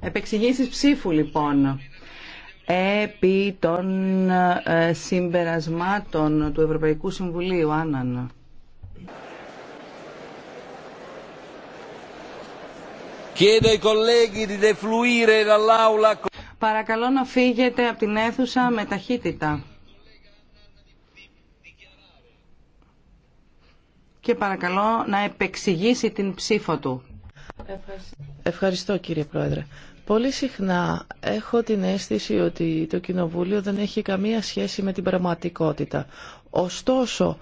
Επεξηγήσεις ψήφου λοιπόν επί των ε, συμπερασμάτων του Ευρωπαϊκού Συμβουλίου, Άννα. Παρακαλώ να φύγετε από την αίθουσα με ταχύτητα. Και παρακαλώ να επεξηγήσει την ψήφο του. Ευχαριστώ. κύριε Πρόεδρε. Πολύ συχνά έχω την αίσθηση ότι το Κοινοβούλιο δεν έχει καμία σχέση με την πραγματικότητα. Ωστόσο,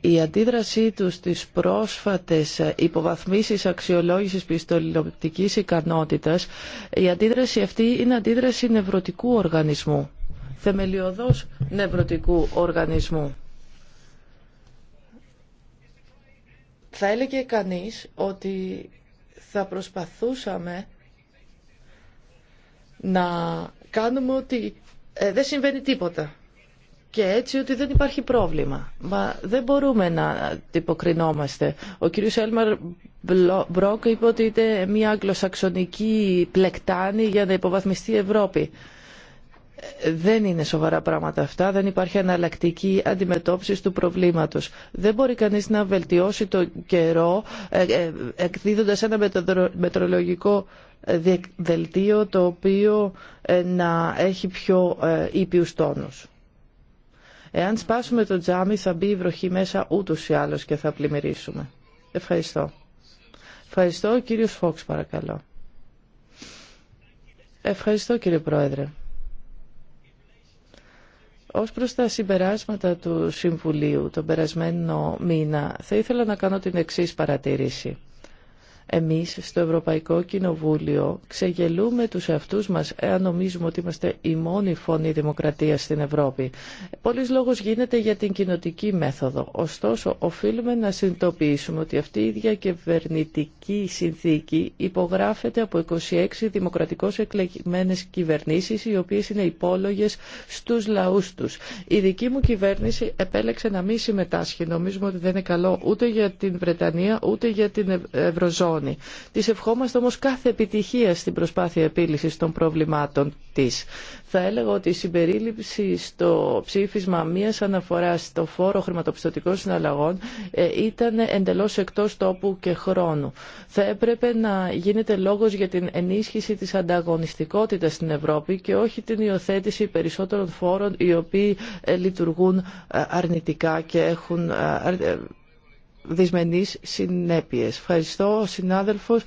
η αντίδρασή τους στις πρόσφατες υποβαθμίσεις αξιολόγησης πιστοληπτικής ικανότητας, η αντίδραση αυτή είναι αντίδραση νευρωτικού οργανισμού, θεμελιωδός νευρωτικού οργανισμού. Θα έλεγε κανείς ότι θα προσπαθούσαμε να κάνουμε ότι ε, δεν συμβαίνει τίποτα και έτσι ότι δεν υπάρχει πρόβλημα. Μα δεν μπορούμε να τυποκρινόμαστε. Ο κύριος Έλμαρ Μπρόκ είπε ότι είναι μια αγγλοσαξονική πλεκτάνη για να υποβαθμιστεί η Ευρώπη δεν είναι σοβαρά πράγματα αυτά, δεν υπάρχει αναλλακτική αντιμετώπιση του προβλήματος. Δεν μπορεί κανείς να βελτιώσει το καιρό ε, ε, εκδίδοντας ένα μετρολογικό ε, δελτίο το οποίο να έχει πιο ήπιους τόνους. Εάν σπάσουμε το τζάμι θα μπει η βροχή μέσα ούτως ή άλλως και θα πλημμυρίσουμε. Ευχαριστώ. Ευχαριστώ. κύριος Φόξ παρακαλώ. Ευχαριστώ κύριε Πρόεδρε. Ως προς τα συμπεράσματα του Συμβουλίου τον περασμένο μήνα, θα ήθελα να κάνω την εξής παρατήρηση. Εμείς στο Ευρωπαϊκό Κοινοβούλιο ξεγελούμε τους εαυτούς μας εάν νομίζουμε ότι είμαστε η μόνη φωνή δημοκρατίας στην Ευρώπη. Πολλής λόγος γίνεται για την κοινοτική μέθοδο. Ωστόσο, οφείλουμε να συνειδητοποιήσουμε ότι αυτή η διακυβερνητική συνθήκη υπογράφεται από 26 δημοκρατικώς εκλεγμένες κυβερνήσεις οι οποίες είναι υπόλογες στους λαούς τους. Η δική μου κυβέρνηση επέλεξε να μην συμμετάσχει. Νομίζουμε ότι δεν είναι καλό ούτε για την Βρετανία ούτε για την Ευρωζώνη. Τη Της ευχόμαστε όμω κάθε επιτυχία στην προσπάθεια επίλυσης των προβλημάτων της. Θα έλεγα ότι η συμπερίληψη στο ψήφισμα μίας αναφοράς στο φόρο χρηματοπιστωτικών συναλλαγών ε, ήταν εντελώς εκτό τόπου και χρόνου. Θα έπρεπε να γίνεται λόγος για την ενίσχυση της ανταγωνιστικότητας στην Ευρώπη και όχι την υιοθέτηση περισσότερων φόρων οι οποίοι ε, λειτουργούν ε, αρνητικά και έχουν δυσμενείς συνέπειες. Ευχαριστώ. Ο συνάδελφος,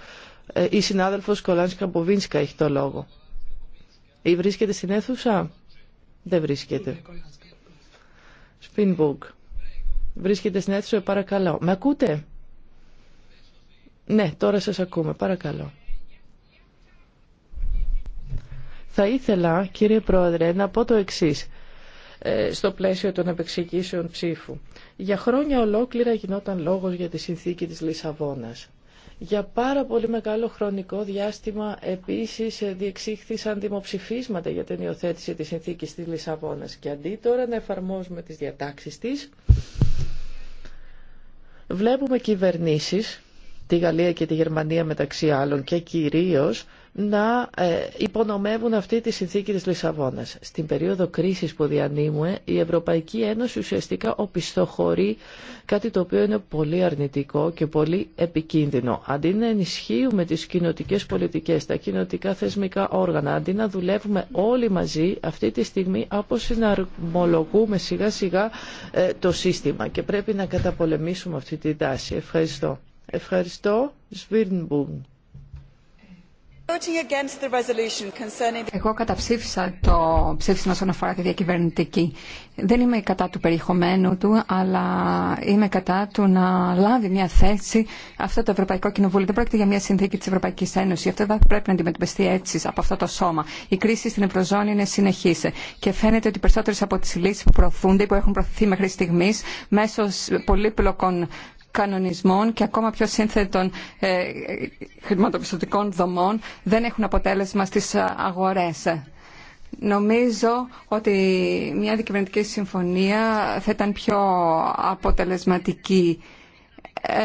ε, η συνάδελφος Κολάνης Κραμποβίνσκα έχει το λόγο. Ή βρίσκεται στην αίθουσα? Δεν βρίσκεται. Σπινμπούκ. Βρίσκεται στην αίθουσα, παρακαλώ. Με ακούτε? Ναι, τώρα σας ακούμε, παρακαλώ. Θα ήθελα, κύριε Πρόεδρε, να πω το εξής. Ε, στο πλαίσιο των επεξηγήσεων ψήφου. Για χρόνια ολόκληρα γινόταν λόγος για τη συνθήκη της Λισαβόνας. Για πάρα πολύ μεγάλο χρονικό διάστημα επίσης ε, διεξήχθησαν δημοψηφίσματα για την υιοθέτηση της συνθήκης της Λισαβόνας και αντί τώρα να εφαρμόζουμε τις διατάξεις της, βλέπουμε κυβερνήσεις τη Γαλλία και τη Γερμανία μεταξύ άλλων και κυρίως να ε, υπονομεύουν αυτή τη συνθήκη της Λισαβόνας. Στην περίοδο κρίσης που διανύμουμε, η Ευρωπαϊκή Ένωση ουσιαστικά οπισθοχωρεί κάτι το οποίο είναι πολύ αρνητικό και πολύ επικίνδυνο. Αντί να ενισχύουμε τις κοινοτικέ πολιτικές, τα κοινοτικά θεσμικά όργανα, αντί να δουλεύουμε όλοι μαζί, αυτή τη στιγμή αποσυναρμολογούμε σιγά σιγά ε, το σύστημα και πρέπει να καταπολεμήσουμε αυτή τη τάση. Ευχαριστώ. Ευχαριστώ. Εγώ καταψήφισα το ψήφισμα όσον αφορά τη διακυβερνητική. Δεν είμαι κατά του περιεχομένου του, αλλά είμαι κατά του να λάβει μια θέση αυτό το Ευρωπαϊκό Κοινοβούλιο. Δεν πρόκειται για μια συνθήκη τη Ευρωπαϊκή Ένωση. Αυτό δεν πρέπει να αντιμετωπιστεί έτσι από αυτό το σώμα. Η κρίση στην Ευρωζώνη είναι συνεχή και φαίνεται ότι περισσότερε από τι λύσει που προωθούνται ή που έχουν προωθηθεί μέχρι στιγμή μέσω πολύπλοκων κανονισμών και ακόμα πιο σύνθετων ε, χρηματοπιστωτικών δομών δεν έχουν αποτέλεσμα στις ε, αγορές. Νομίζω ότι μια δικαιωματική συμφωνία θα ήταν πιο αποτελεσματική. Ε,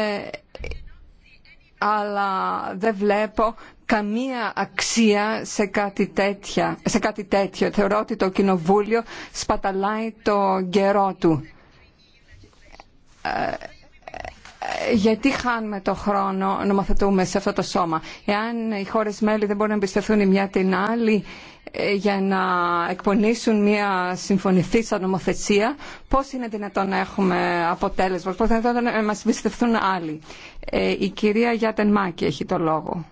αλλά δεν βλέπω καμία αξία σε κάτι, τέτοια, σε κάτι τέτοιο. Θεωρώ ότι το Κοινοβούλιο σπαταλάει το καιρό του γιατί χάνουμε το χρόνο νομοθετούμε σε αυτό το σώμα. Εάν οι χώρες μέλη δεν μπορούν να εμπιστευτούν η μια την άλλη ε, για να εκπονήσουν μια σαν νομοθεσία, πώς είναι δυνατόν να έχουμε αποτέλεσμα, πώς είναι δυνατόν να μας εμπιστευτούν άλλοι. Ε, η κυρία Γιάτεν Μάκη έχει το λόγο.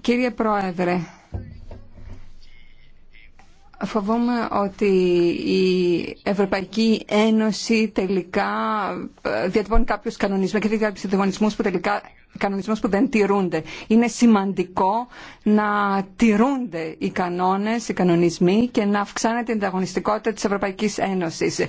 Κύριε Πρόεδρε, Φοβόμαι ότι η Ευρωπαϊκή Ένωση τελικά ε, διατυπώνει κάποιους κανονισμούς και κάποιους διαγωνισμούς που τελικά κανονισμούς που δεν τηρούνται. Είναι σημαντικό να τηρούνται οι κανόνες, οι κανονισμοί και να αυξάνεται η ανταγωνιστικότητα της Ευρωπαϊκής Ένωσης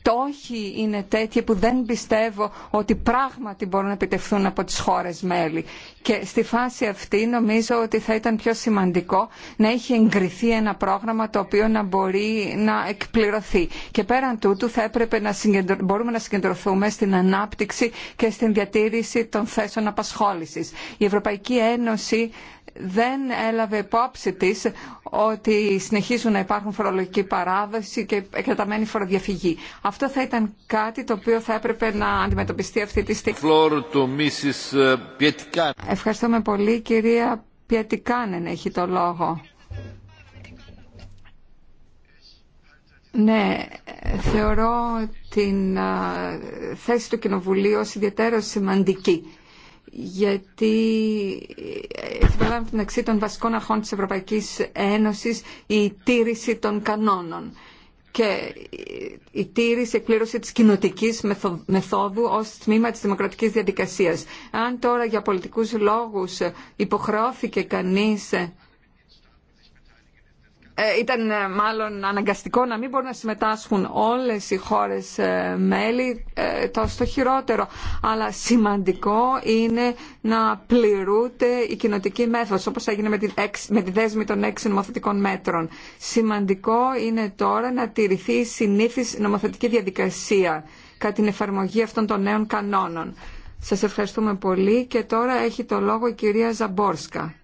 στόχοι είναι τέτοιοι που δεν πιστεύω ότι πράγματι μπορούν να επιτευχθούν από τις χώρες μέλη. Και στη φάση αυτή νομίζω ότι θα ήταν πιο σημαντικό να έχει εγκριθεί ένα πρόγραμμα το οποίο να μπορεί να εκπληρωθεί. Και πέραν τούτου θα έπρεπε να μπορούμε να συγκεντρωθούμε στην ανάπτυξη και στην διατήρηση των θέσεων απασχόλησης. Η Ευρωπαϊκή Ένωση δεν έλαβε υπόψη τη ότι συνεχίζουν να υπάρχουν φορολογική παράδοση και εκτεταμένη φοροδιαφυγή. Αυτό θα ήταν κάτι το οποίο θα έπρεπε να αντιμετωπιστεί αυτή τη στιγμή. Ε, Ευχαριστούμε πολύ. Κυρία Πιατικάνεν έχει το λόγο. Ναι, θεωρώ την ε, θέση του Κοινοβουλίου ως ιδιαίτερα σημαντική γιατί ε, συμπεριλάβει την αξία των βασικών αρχών της Ευρωπαϊκής Ένωσης η τήρηση των κανόνων και η τήρηση, η εκπλήρωση της κοινοτική μεθόδου ως τμήμα της δημοκρατικής διαδικασίας. Αν τώρα για πολιτικούς λόγους υποχρεώθηκε κανείς ε, ήταν ε, μάλλον αναγκαστικό να μην μπορούν να συμμετάσχουν όλες οι χώρες ε, μέλη, το στο χειρότερο. Αλλά σημαντικό είναι να πληρούνται η κοινοτική μέθοδος, όπως έγινε με τη, με τη δέσμη των έξι νομοθετικών μέτρων. Σημαντικό είναι τώρα να τηρηθεί η συνήθις νομοθετική διαδικασία κατά την εφαρμογή αυτών των νέων κανόνων. Σας ευχαριστούμε πολύ και τώρα έχει το λόγο η κυρία Ζαμπόρσκα.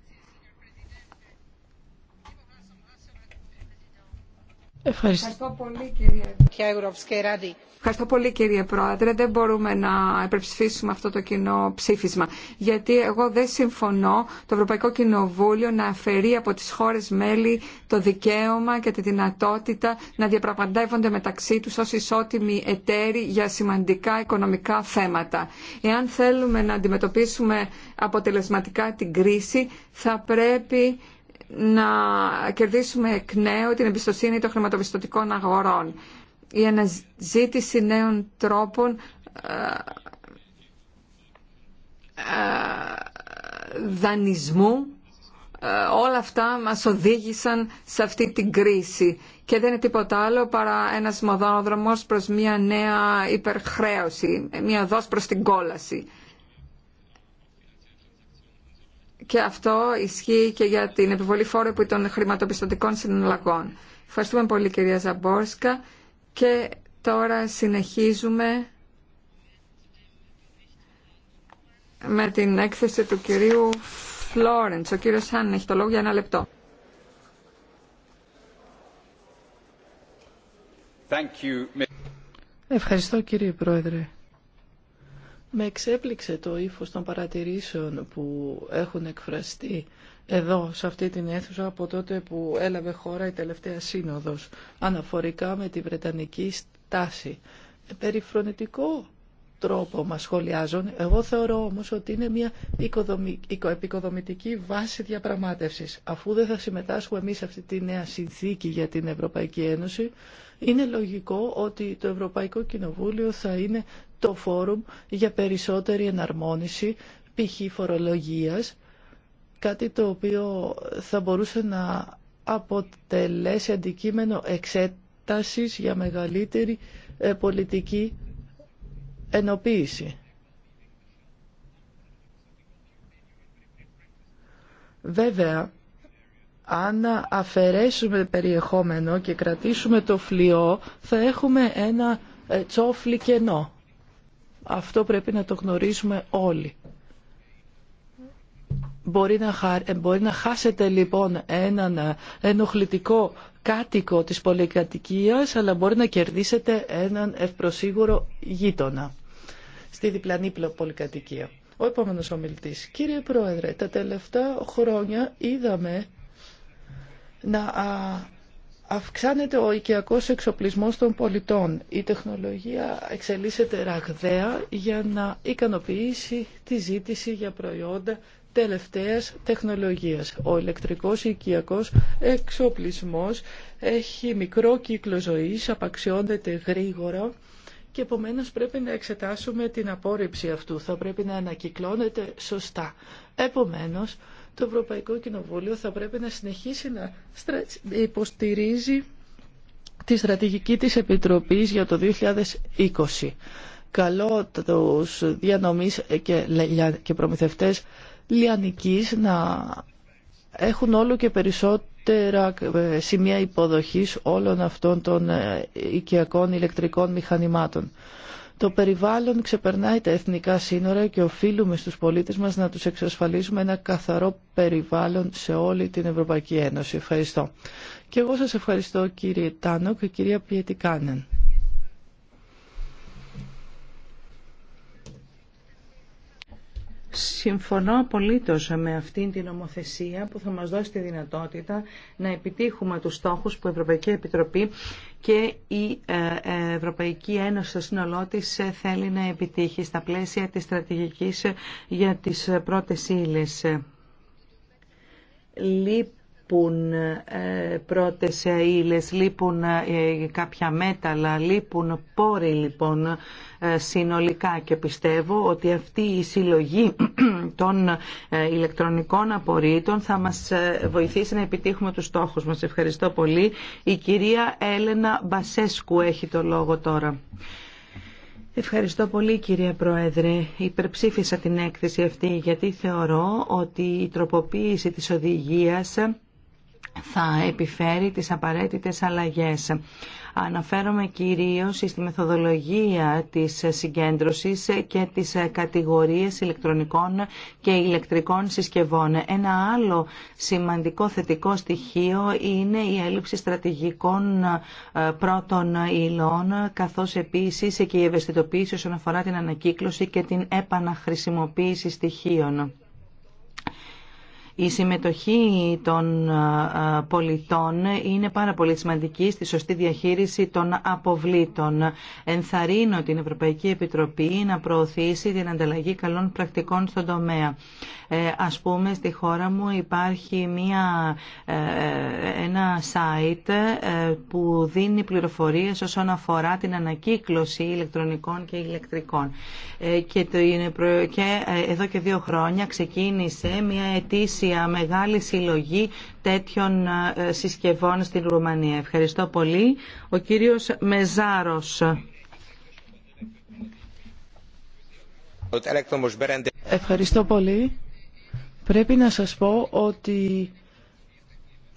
Ευχαριστώ. πολύ, κύριε. Πρόεδρε. Δεν μπορούμε να υπερψηφίσουμε αυτό το κοινό ψήφισμα. Γιατί εγώ δεν συμφωνώ το Ευρωπαϊκό Κοινοβούλιο να αφαιρεί από τις χώρες μέλη το δικαίωμα και τη δυνατότητα να διαπραγματεύονται μεταξύ τους ως ισότιμοι εταίροι για σημαντικά οικονομικά θέματα. Εάν θέλουμε να αντιμετωπίσουμε αποτελεσματικά την κρίση θα πρέπει να κερδίσουμε εκ νέου την εμπιστοσύνη των χρηματοπιστωτικών αγορών. Η αναζήτηση νέων τρόπων ε, ε, δανεισμού ε, όλα αυτά μας οδήγησαν σε αυτή την κρίση και δεν είναι τίποτα άλλο παρά ένας μοδόδρομος προς μια νέα υπερχρέωση, μια δόση προς την κόλαση και αυτό ισχύει και για την επιβολή φόρου επί των χρηματοπιστωτικών συναλλαγών. Ευχαριστούμε πολύ κυρία Ζαμπόρσκα και τώρα συνεχίζουμε με την έκθεση του κυρίου Φλόρεντς. Ο κύριος Χάνν έχει το λόγο για ένα λεπτό. Ευχαριστώ κύριε Πρόεδρε. Με εξέπληξε το ύφος των παρατηρήσεων που έχουν εκφραστεί εδώ, σε αυτή την αίθουσα, από τότε που έλαβε χώρα η τελευταία σύνοδος, αναφορικά με τη Βρετανική στάση. Ε, περιφρονητικό τρόπο μας σχολιάζουν. Εγώ θεωρώ όμως ότι είναι μια επικοδομητική βάση διαπραγμάτευσης. Αφού δεν θα συμμετάσχουμε εμείς σε αυτή τη νέα συνθήκη για την Ευρωπαϊκή Ένωση, είναι λογικό ότι το Ευρωπαϊκό Κοινοβούλιο θα είναι το φόρουμ για περισσότερη εναρμόνιση π.χ. φορολογίας, κάτι το οποίο θα μπορούσε να αποτελέσει αντικείμενο εξέτασης για μεγαλύτερη ε, πολιτική ενοποίηση. Βέβαια, αν αφαιρέσουμε περιεχόμενο και κρατήσουμε το φλοιό, θα έχουμε ένα ε, τσόφλι κενό. Αυτό πρέπει να το γνωρίζουμε όλοι. Μπορεί να, ε, μπορεί να χάσετε λοιπόν έναν ε, ενοχλητικό κάτοικο της πολυκατοικίας, αλλά μπορεί να κερδίσετε έναν ευπροσίγουρο γείτονα στη διπλανή πολυκατοικία. Ο επόμενος ομιλητής. Κύριε Πρόεδρε, τα τελευταία χρόνια είδαμε να Αυξάνεται ο οικιακός εξοπλισμός των πολιτών. Η τεχνολογία εξελίσσεται ραγδαία για να ικανοποιήσει τη ζήτηση για προϊόντα τελευταίας τεχνολογίας. Ο ηλεκτρικός οικιακός εξοπλισμός έχει μικρό κύκλο ζωής, απαξιώνεται γρήγορα και επομένως πρέπει να εξετάσουμε την απόρριψη αυτού. Θα πρέπει να ανακυκλώνεται σωστά. Επομένως, το Ευρωπαϊκό Κοινοβούλιο θα πρέπει να συνεχίσει να υποστηρίζει τη στρατηγική της Επιτροπής για το 2020. Καλό τους διανομής και προμηθευτές λιανικής να έχουν όλο και περισσότερα ε, σημεία υποδοχής όλων αυτών των ε, οικιακών ηλεκτρικών μηχανημάτων. Το περιβάλλον ξεπερνάει τα εθνικά σύνορα και οφείλουμε στους πολίτες μας να τους εξασφαλίσουμε ένα καθαρό περιβάλλον σε όλη την Ευρωπαϊκή Ένωση. Ευχαριστώ. Και εγώ σας ευχαριστώ κύριε Τάνο και κυρία Πιετικάνεν. Συμφωνώ απολύτως με αυτήν την νομοθεσία που θα μας δώσει τη δυνατότητα να επιτύχουμε τους στόχους που η Ευρωπαϊκή Επιτροπή και η ε, Ευρωπαϊκή Ένωση στο σύνολό τη ε, θέλει να επιτύχει στα πλαίσια της στρατηγικής ε, για τις πρώτες ύλες λείπουν ε, πρώτες ύλες, λείπουν ε, κάποια μέταλλα, λείπουν πόροι λοιπόν ε, συνολικά και πιστεύω ότι αυτή η συλλογή των ηλεκτρονικών απορρίτων θα μας βοηθήσει να επιτύχουμε τους στόχους μας. Ευχαριστώ πολύ. Η κυρία Έλενα Μπασέσκου έχει το λόγο τώρα. Ευχαριστώ πολύ κυρία Πρόεδρε. Υπερψήφισα την έκθεση αυτή γιατί θεωρώ ότι η τροποποίηση της οδηγίας θα επιφέρει τις απαραίτητες αλλαγές. Αναφέρομαι κυρίως στη μεθοδολογία της συγκέντρωσης και τις κατηγορίες ηλεκτρονικών και ηλεκτρικών συσκευών. Ένα άλλο σημαντικό θετικό στοιχείο είναι η έλλειψη στρατηγικών ε, πρώτων υλών, καθώς επίσης και η ευαισθητοποίηση όσον αφορά την ανακύκλωση και την επαναχρησιμοποίηση στοιχείων. Η συμμετοχή των πολιτών είναι πάρα πολύ σημαντική στη σωστή διαχείριση των αποβλήτων. Ενθαρρύνω την Ευρωπαϊκή Επιτροπή να προωθήσει την ανταλλαγή καλών πρακτικών στον τομέα. Ε, ας πούμε, στη χώρα μου υπάρχει μια, ε, ένα site ε, που δίνει πληροφορίες όσον αφορά την ανακύκλωση ηλεκτρονικών και ηλεκτρικών. Ε, και, το, και εδώ και δύο χρόνια ξεκίνησε μια ετήσια για μεγάλη συλλογή τέτοιων ε, συσκευών στην Ρουμανία. Ευχαριστώ πολύ. Ο κύριος Μεζάρος. Ευχαριστώ πολύ. Πρέπει να σας πω ότι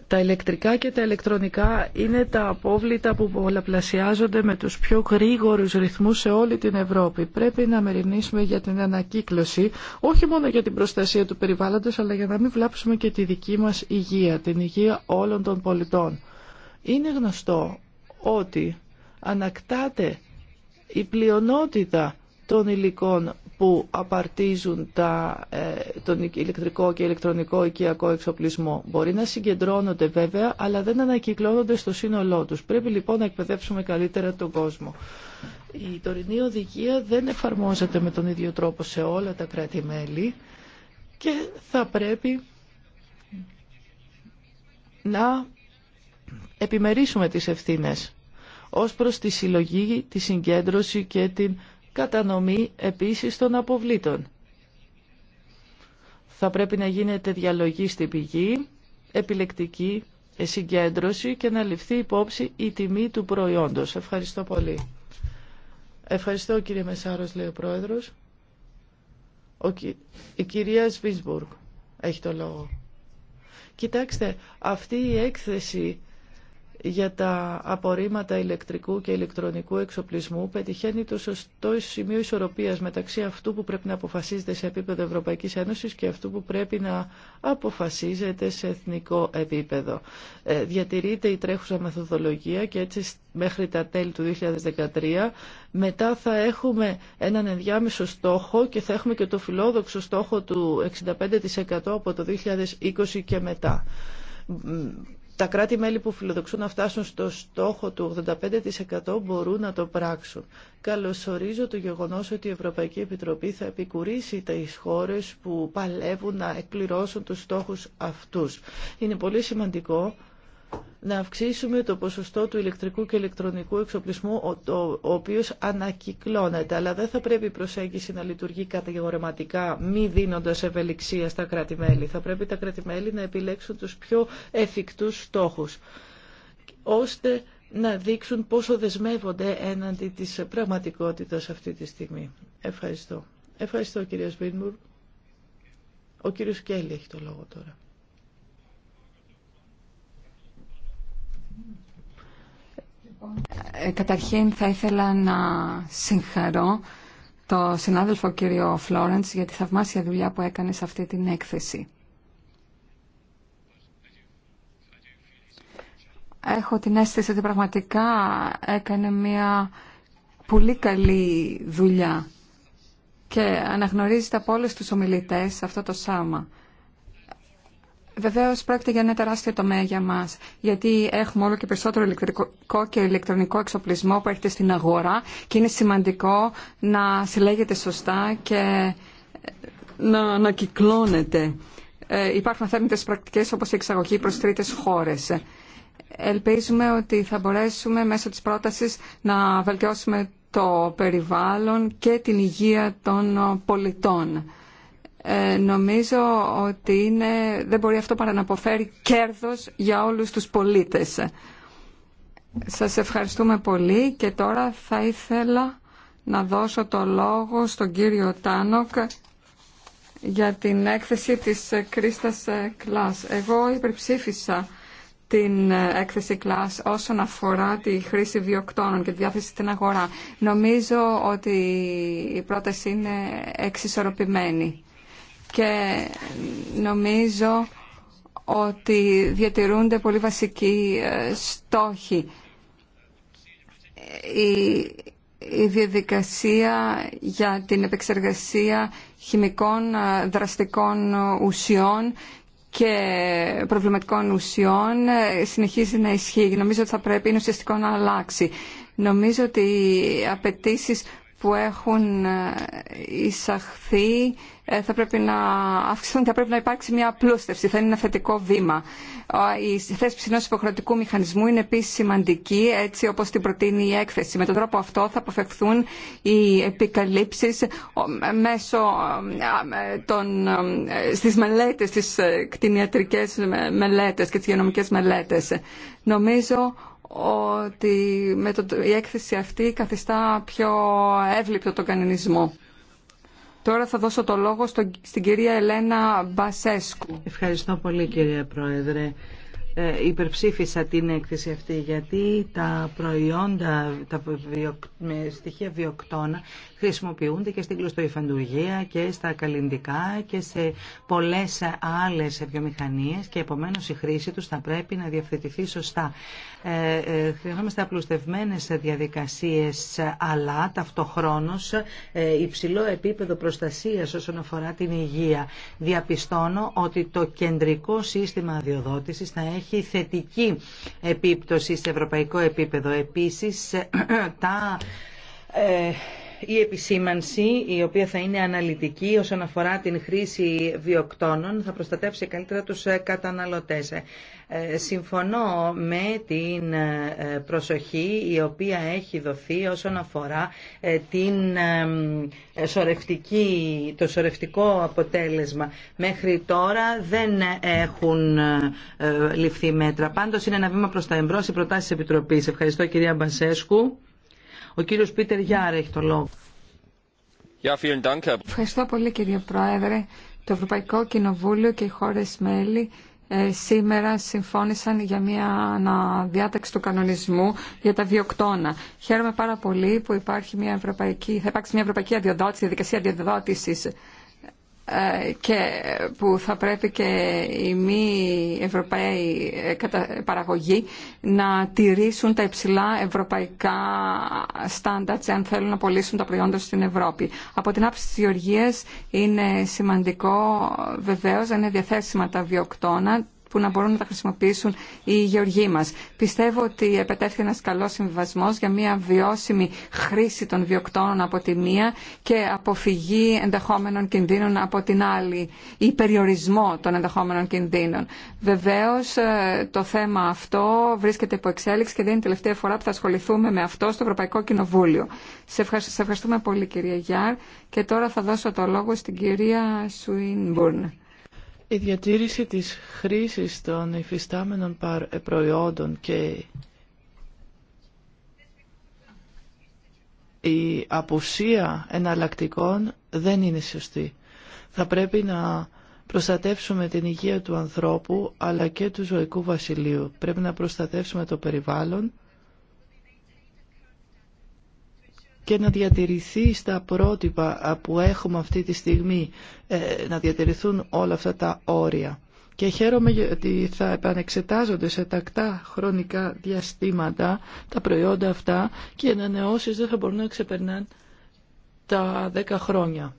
τα ηλεκτρικά και τα ηλεκτρονικά είναι τα απόβλητα που πολλαπλασιάζονται με τους πιο γρήγορους ρυθμούς σε όλη την Ευρώπη. Πρέπει να μεριμνήσουμε για την ανακύκλωση, όχι μόνο για την προστασία του περιβάλλοντος, αλλά για να μην βλάψουμε και τη δική μας υγεία, την υγεία όλων των πολιτών. Είναι γνωστό ότι ανακτάται η πλειονότητα των υλικών που απαρτίζουν ε, τον ηλεκτρικό και ηλεκτρονικό οικιακό εξοπλισμό. Μπορεί να συγκεντρώνονται βέβαια, αλλά δεν ανακυκλώνονται στο σύνολό τους. Πρέπει λοιπόν να εκπαιδεύσουμε καλύτερα τον κόσμο. Η τωρινή οδηγία δεν εφαρμόζεται με τον ίδιο τρόπο σε όλα τα κράτη-μέλη και θα πρέπει να επιμερίσουμε τις ευθύνες ως προς τη συλλογή, τη συγκέντρωση και την κατανομή επίσης των αποβλήτων. Θα πρέπει να γίνεται διαλογή στην πηγή, επιλεκτική συγκέντρωση και να ληφθεί υπόψη η τιμή του προϊόντος. Ευχαριστώ πολύ. Ευχαριστώ κύριε Μεσάρος, λέει ο Πρόεδρος. Ο, η κυρία Σβίσμπουργκ έχει το λόγο. Κοιτάξτε, αυτή η έκθεση για τα απορρίμματα ηλεκτρικού και ηλεκτρονικού εξοπλισμού πετυχαίνει το σωστό σημείο ισορροπίας μεταξύ αυτού που πρέπει να αποφασίζεται σε επίπεδο Ευρωπαϊκής Ένωσης και αυτού που πρέπει να αποφασίζεται σε εθνικό επίπεδο. Ε, διατηρείται η τρέχουσα μεθοδολογία και έτσι μέχρι τα τέλη του 2013 μετά θα έχουμε έναν ενδιάμεσο στόχο και θα έχουμε και το φιλόδοξο στόχο του 65% από το 2020 και μετά τα κράτη-μέλη που φιλοδοξούν να φτάσουν στο στόχο του 85% μπορούν να το πράξουν. Καλωσορίζω το γεγονός ότι η Ευρωπαϊκή Επιτροπή θα επικουρήσει τι χώρες που παλεύουν να εκπληρώσουν τους στόχους αυτούς. Είναι πολύ σημαντικό να αυξήσουμε το ποσοστό του ηλεκτρικού και ηλεκτρονικού εξοπλισμού, ο οποίος ανακυκλώνεται. Αλλά δεν θα πρέπει η προσέγγιση να λειτουργεί κατηγορηματικά, μη δίνοντας ευελιξία στα κράτη-μέλη. Θα πρέπει τα κράτη-μέλη να επιλέξουν τους πιο εφικτούς στόχους, ώστε να δείξουν πόσο δεσμεύονται έναντι της πραγματικότητας αυτή τη στιγμή. Ευχαριστώ. Ευχαριστώ, κύριε Σβίνμουρ. Ο κύριος Κέλλη έχει το λόγο τώρα. Ε, καταρχήν θα ήθελα να συγχαρώ το συνάδελφο κύριο Φλόρεντς για τη θαυμάσια δουλειά που έκανε σε αυτή την έκθεση. Έχω την αίσθηση ότι πραγματικά έκανε μια πολύ καλή δουλειά και αναγνωρίζεται από όλους τους ομιλητές αυτό το σάμα. Βεβαίω πρόκειται για ένα τεράστιο τομέα για μα, γιατί έχουμε όλο και περισσότερο ηλεκτρικό και ηλεκτρονικό εξοπλισμό που έρχεται στην αγορά και είναι σημαντικό να συλλέγεται σωστά και ε, να ανακυκλώνεται. Ε, υπάρχουν θέρμητες πρακτικές όπως η εξαγωγή προ τρίτε χώρες. Ελπίζουμε ότι θα μπορέσουμε μέσω τη πρόταση να βελτιώσουμε το περιβάλλον και την υγεία των πολιτών ε, νομίζω ότι είναι, δεν μπορεί αυτό παρά να αποφέρει κέρδος για όλους τους πολίτες. Σας ευχαριστούμε πολύ και τώρα θα ήθελα να δώσω το λόγο στον κύριο Τάνοκ για την έκθεση της Κρίστας Κλάς. Εγώ υπερψήφισα την έκθεση κλάς όσον αφορά τη χρήση βιοκτώνων και τη διάθεση στην αγορά. Νομίζω ότι η πρόταση είναι εξισορροπημένη και νομίζω ότι διατηρούνται πολύ βασικοί ε, στόχοι. Η, διαδικασία για την επεξεργασία χημικών ε, δραστικών ουσιών και προβληματικών ουσιών ε, συνεχίζει να ισχύει. Νομίζω ότι θα πρέπει, είναι ουσιαστικό να αλλάξει. Νομίζω ότι οι απαιτήσει που έχουν ε, εισαχθεί ε, θα πρέπει να αυξηθούν, θα πρέπει να υπάρξει μια απλούστευση, θα είναι ένα θετικό βήμα. Η θέση ενό υποχρεωτικού μηχανισμού είναι επίση σημαντική, έτσι όπω την προτείνει η έκθεση. Με τον τρόπο αυτό θα αποφευχθούν οι επικαλύψει μέσω ε, στι μελέτε, μελέτες, στις μελέτε και τι γενομικέ μελέτε. Νομίζω ότι με το, η έκθεση αυτή καθιστά πιο εύληπτο τον κανονισμό. Τώρα θα δώσω το λόγο στην κυρία Ελένα Μπασέσκου. Ευχαριστώ πολύ κυρία Πρόεδρε. Ε, υπερψήφισα την έκθεση αυτή γιατί τα προϊόντα τα με στοιχεία βιοκτώνα χρησιμοποιούνται και στην κλωστοϊφαντουργία και στα καλλιντικά και σε πολλές άλλες βιομηχανίες και επομένως η χρήση τους θα πρέπει να διαφθετηθεί σωστά. Ε, ε, χρειαζόμαστε απλουστευμένες διαδικασίες αλλά ταυτοχρόνως ε, υψηλό επίπεδο προστασίας όσον αφορά την υγεία. Διαπιστώνω ότι το κεντρικό σύστημα αδειοδότησης θα υπάρχει θετική επίπτωση σε ευρωπαϊκό επίπεδο. Επίσης, τα ε, η επισήμανση η οποία θα είναι αναλυτική όσον αφορά την χρήση βιοκτώνων θα προστατεύσει καλύτερα τους ε, καταναλωτές. Ε, συμφωνώ με την ε, προσοχή η οποία έχει δοθεί όσον αφορά την σορευτική, το σορευτικό αποτέλεσμα. Μέχρι τώρα δεν έχουν ληφθεί μέτρα. Πάντως είναι ένα βήμα προς τα εμπρός οι προτάσεις της Επιτροπής. Ευχαριστώ κυρία Μπασέσκου. Ο κύριος Πίτερ Γιάρ έχει το λόγο. Ευχαριστώ πολύ κύριε Πρόεδρε. Το Ευρωπαϊκό Κοινοβούλιο και οι χώρες μέλη ε, σήμερα συμφώνησαν για μια αναδιάταξη του κανονισμού για τα βιοκτώνα. Χαίρομαι πάρα πολύ που υπάρχει μια ευρωπαϊκή, θα υπάρξει μια ευρωπαϊκή αδειοδότηση, διαδικασία αδειοδότησης ε, και που θα πρέπει και οι μη Ευρωπαίοι ε, παραγωγοί να τηρήσουν τα υψηλά ευρωπαϊκά στάνταρτς αν θέλουν να πωλήσουν τα προϊόντα στην Ευρώπη. Από την άποψη της Γεωργίας είναι σημαντικό βεβαίως να είναι διαθέσιμα τα βιοκτώνα που να μπορούν να τα χρησιμοποιήσουν οι γεωργοί μα. Πιστεύω ότι επετέφθη ένα καλό συμβιβασμό για μια βιώσιμη χρήση των βιοκτώνων από τη μία και αποφυγή ενδεχόμενων κινδύνων από την άλλη ή περιορισμό των ενδεχόμενων κινδύνων. Βεβαίω, ε, το θέμα αυτό βρίσκεται υπό εξέλιξη και δεν είναι η τελευταία φορά που θα ασχοληθούμε με αυτό στο Ευρωπαϊκό Κοινοβούλιο. Σε ευχαριστούμε πολύ κυρία Γιάρ και τώρα θα δώσω το λόγο στην κυρία Σουίνμπουρν. Η διατήρηση της χρήσης των υφιστάμενων προϊόντων και η απουσία εναλλακτικών δεν είναι σωστή. Θα πρέπει να προστατεύσουμε την υγεία του ανθρώπου αλλά και του ζωικού βασιλείου. Πρέπει να προστατεύσουμε το περιβάλλον και να διατηρηθεί στα πρότυπα που έχουμε αυτή τη στιγμή, ε, να διατηρηθούν όλα αυτά τα όρια. Και χαίρομαι γιατί θα επανεξετάζονται σε τακτά χρονικά διαστήματα τα προϊόντα αυτά και οι ανανεώσεις δεν θα μπορούν να ξεπερνάνε τα 10 χρόνια.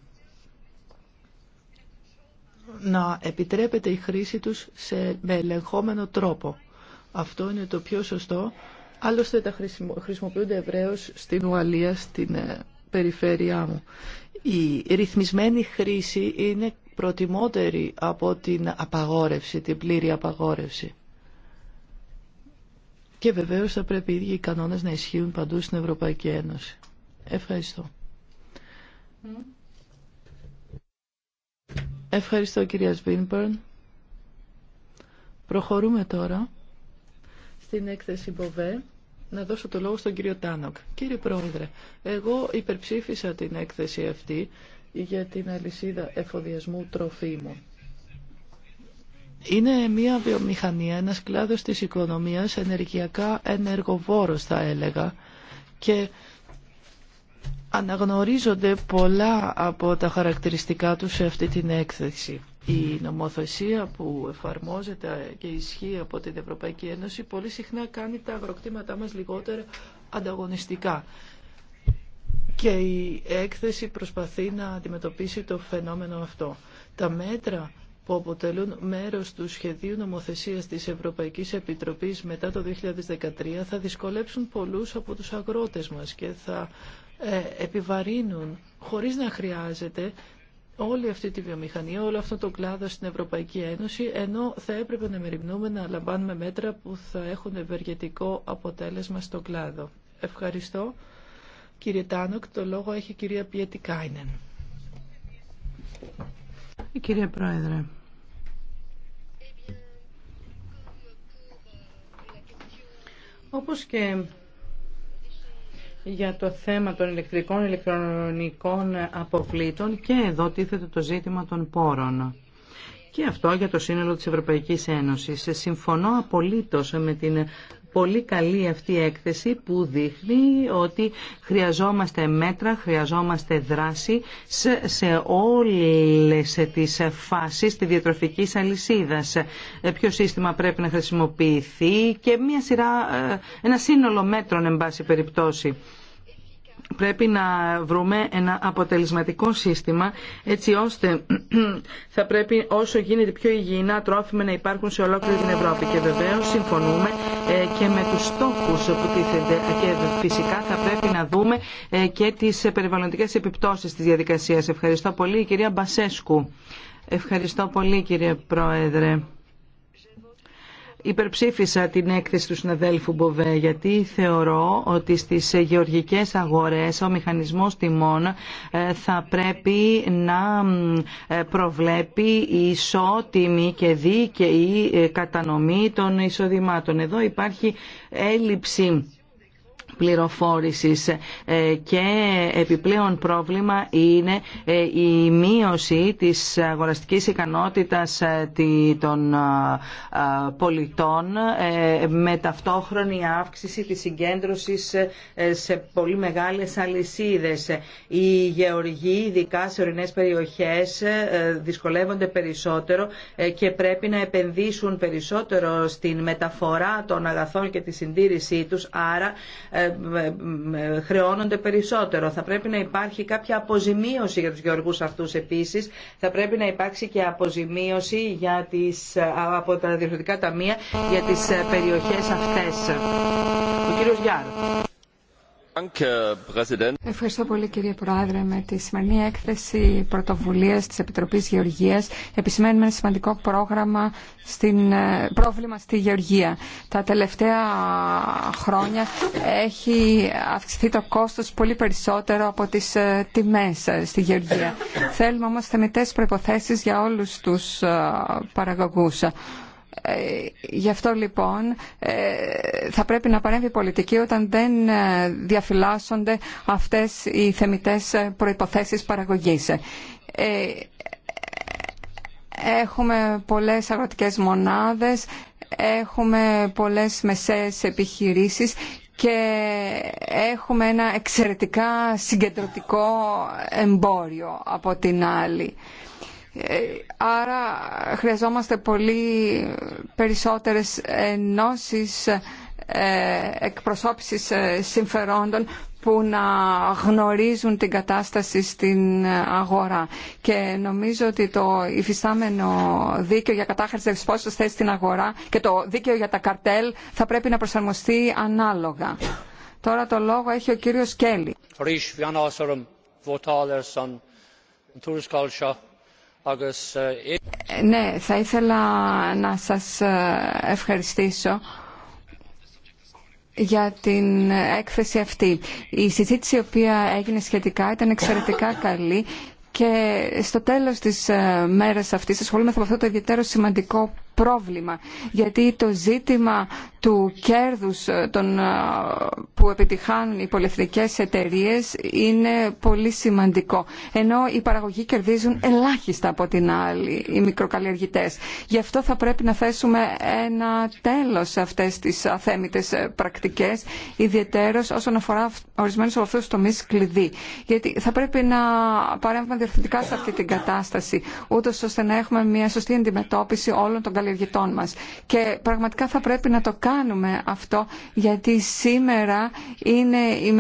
Να επιτρέπεται η χρήση τους σε, με ελεγχόμενο τρόπο. Αυτό είναι το πιο σωστό Άλλωστε τα χρησιμοποιούνται ευρέως στην Ουαλία, στην ε, περιφέρειά μου. Η ρυθμισμένη χρήση είναι προτιμότερη από την απαγόρευση, την πλήρη απαγόρευση. Και βεβαίως θα πρέπει οι οι κανόνες να ισχύουν παντού στην Ευρωπαϊκή Ένωση. Ευχαριστώ. Ευχαριστώ κυρία Σβίνπερν. Προχωρούμε τώρα στην έκθεση Μποβέ να δώσω το λόγο στον κύριο Τάνοκ. Κύριε Πρόεδρε, εγώ υπερψήφισα την έκθεση αυτή για την αλυσίδα εφοδιασμού τροφίμων. Είναι μια βιομηχανία, ένας κλάδος της οικονομίας, ενεργειακά ενεργοβόρος θα έλεγα και αναγνωρίζονται πολλά από τα χαρακτηριστικά τους σε αυτή την έκθεση. Η νομοθεσία που εφαρμόζεται και ισχύει από την Ευρωπαϊκή Ένωση πολύ συχνά κάνει τα αγροκτήματά μας λιγότερα ανταγωνιστικά. Και η έκθεση προσπαθεί να αντιμετωπίσει το φαινόμενο αυτό. Τα μέτρα που αποτελούν μέρος του σχεδίου νομοθεσίας της Ευρωπαϊκής Επιτροπής μετά το 2013 θα δυσκολέψουν πολλούς από τους αγρότες μας και θα ε, επιβαρύνουν χωρίς να χρειάζεται όλη αυτή τη βιομηχανία, όλο αυτό το κλάδο στην Ευρωπαϊκή Ένωση, ενώ θα έπρεπε να μεριμνούμε να λαμβάνουμε μέτρα που θα έχουν ευεργετικό αποτέλεσμα στο κλάδο. Ευχαριστώ. Κύριε Τάνοκ, το λόγο έχει η κυρία Πιέτη Κάινεν. Κύριε Πρόεδρε, όπως και για το θέμα των ηλεκτρικών ηλεκτρονικών αποβλήτων και εδώ τίθεται το ζήτημα των πόρων. Και αυτό για το σύνολο της Ευρωπαϊκής Ένωσης. Συμφωνώ απολύτως με την πολύ καλή αυτή η έκθεση που δείχνει ότι χρειαζόμαστε μέτρα, χρειαζόμαστε δράση σε όλες τις φάσεις της διατροφικής αλυσίδας. Ε, ποιο σύστημα πρέπει να χρησιμοποιηθεί και μια σειρά, ε, ένα σύνολο μέτρων εν πάση περιπτώσει πρέπει να βρούμε ένα αποτελεσματικό σύστημα έτσι ώστε θα πρέπει όσο γίνεται πιο υγιεινά τρόφιμα να υπάρχουν σε ολόκληρη την Ευρώπη και βεβαίως συμφωνούμε ε, και με τους στόχους που τίθενται και φυσικά θα πρέπει να δούμε ε, και τις περιβαλλοντικές επιπτώσεις της διαδικασίας. Ευχαριστώ πολύ κυρία Μπασέσκου. Ευχαριστώ πολύ κύριε Πρόεδρε υπερψήφισα την έκθεση του συναδέλφου Μποβέ γιατί θεωρώ ότι στις γεωργικές αγορές ο μηχανισμός τιμών ε, θα πρέπει να ε, προβλέπει η ισότιμη και δίκαιη ε, κατανομή των εισοδημάτων. Εδώ υπάρχει έλλειψη πληροφόρησης ε, και επιπλέον πρόβλημα είναι ε, η μείωση της αγοραστικής ικανότητας ε, των πολιτών με ταυτόχρονη αύξηση της συγκέντρωσης σε πολύ μεγάλες αλυσίδες. Οι γεωργοί, ειδικά σε ορεινές περιοχές, δυσκολεύονται περισσότερο και πρέπει να επενδύσουν περισσότερο στην μεταφορά των αγαθών και τη συντήρησή τους, χρεώνονται περισσότερο. Θα πρέπει να υπάρχει κάποια αποζημίωση για τους γεωργούς αυτούς επίσης. Θα πρέπει να υπάρξει και αποζημίωση για τις, από τα διευθυντικά ταμεία για τις περιοχές αυτές. Ο κύριος Γιάρ. Ευχαριστώ πολύ κύριε Πρόεδρε. Με τη σημερινή έκθεση πρωτοβουλία τη Επιτροπή Γεωργία επισημαίνουμε ένα σημαντικό πρόγραμμα ε, πρόβλημα στη Γεωργία. Τα τελευταία χρόνια έχει αυξηθεί το κόστο πολύ περισσότερο από τι ε, τιμέ ε, στη Γεωργία. Θέλουμε όμω θεμητέ προποθέσει για όλου του παραγωγού. Ε, γι' αυτό λοιπόν ε, θα πρέπει να παρέμβει η πολιτική όταν δεν ε, διαφυλάσσονται αυτές οι θεμητές προϋποθέσεις παραγωγής. Έχουμε πολλές αγροτικές μονάδες, έχουμε πολλές μεσαίες επιχειρήσεις και έχουμε ένα εξαιρετικά συγκεντρωτικό εμπόριο από την άλλη. Ε, άρα χρειαζόμαστε πολύ περισσότερες ενώσεις ε, εκπροσώπησης ε, συμφερόντων που να γνωρίζουν την κατάσταση στην αγορά. Και νομίζω ότι το υφιστάμενο δίκαιο για κατάχρηση δευτεροσπόσεις θέσης στην αγορά και το δίκαιο για τα καρτέλ θα πρέπει να προσαρμοστεί ανάλογα. Τώρα το λόγο έχει ο κύριος Κέλλη. Uh, ε, ναι, θα ήθελα να σας ε, ευχαριστήσω για την έκθεση αυτή. Η συζήτηση η οποία έγινε σχετικά ήταν εξαιρετικά καλή και στο τέλος της ε, μέρας αυτής ασχολούμαι με αυτό το ιδιαίτερο σημαντικό πρόβλημα γιατί το ζήτημα του κέρδους ε, των, ε, που επιτυχάνουν οι πολυεθνικές εταιρείες είναι πολύ σημαντικό ενώ οι παραγωγοί κερδίζουν ελάχιστα από την άλλη οι μικροκαλλιεργητές. Γι' αυτό θα πρέπει να θέσουμε ένα τέλος σε αυτές τις αθέμητες ε, πρακτικές ιδιαιτέρως όσον αφορά ορισμένους από αυτούς τομείς κλειδί. Γιατί θα πρέπει να παρέμβουμε διευθυντικά σε αυτή την κατάσταση ούτως ώστε να έχουμε μια σωστή αντιμετώπιση όλων των καλλιεργητών μας. Και πραγματικά θα πρέπει να το κάνουμε αυτό, γιατί σήμερα είναι οι, οι